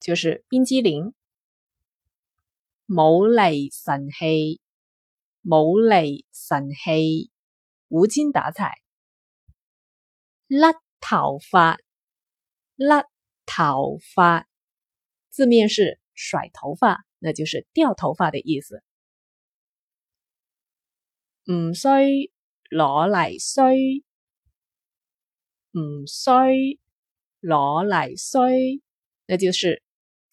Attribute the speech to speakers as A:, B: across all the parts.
A: 就是冰激凌。冇厘神氣，冇厘神氣，無精打采，甩頭髮，甩頭髮，字面是甩頭髮，那就是掉頭髮的意思。唔衰攞嚟衰，唔衰攞嚟衰，那就是。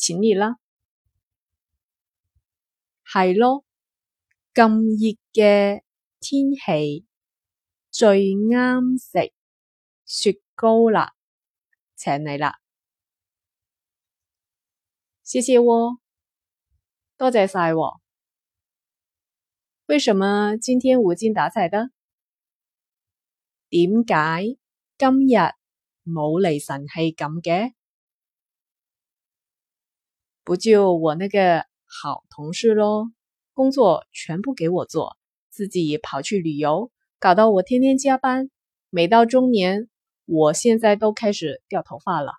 A: 請你啦，係咯，咁熱嘅天氣最啱食雪糕啦，請你啦，謝謝喎，多謝晒喔。為什麼今天無精打采的？點解今日冇厘神氣咁嘅？不就我那個好同事咯，工作全部給我做，自己跑去旅遊，搞到我天天加班。未到中年，我現在都開始掉頭髮了。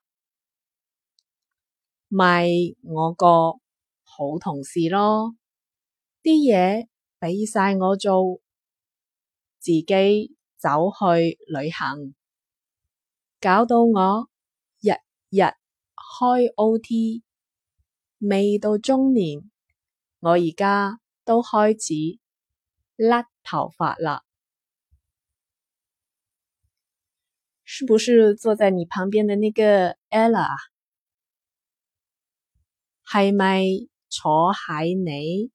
A: 咪我個好同事咯，啲嘢俾晒我做，自己走去旅行，搞到我日日開 OT。未到中年，我而家都開始甩頭髮啦。是不是坐在你旁邊的那個 Ella？係咪坐喺你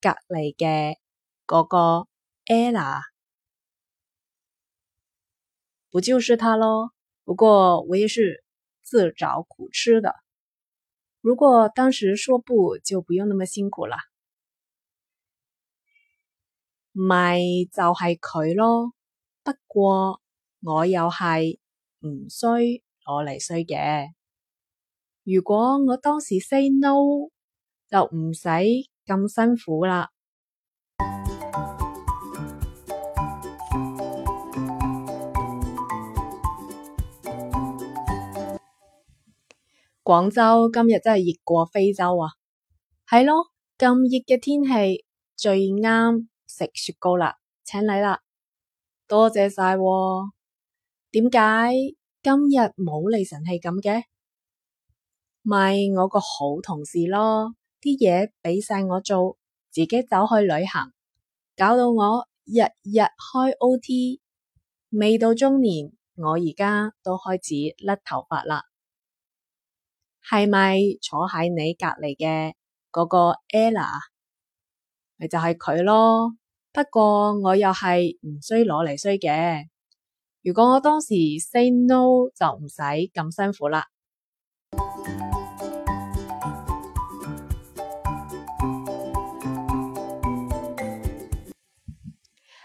A: 隔籬嘅嗰個 Ella？不就是她咯？不過我也是自找苦吃的。如果當時說不，就不用那麼辛苦啦。咪就係佢咯，不過我又係唔衰攞嚟衰嘅。如果我當時 say no，就唔使咁辛苦啦。.廣州今日真係熱過非洲啊！係咯，咁熱嘅天氣最啱食雪糕啦，請你啦，多謝晒、哦。點解今日冇利神氣咁嘅？咪、就是、我個好同事咯，啲嘢俾晒我做，自己走去旅行，搞到我日日開 O T，未到中年，我而家都開始甩頭髮啦。係咪坐喺你隔籬嘅嗰個 Ella？咪就係佢咯。不過我又係唔衰攞嚟衰嘅。如果我當時 say no 就唔使咁辛苦啦。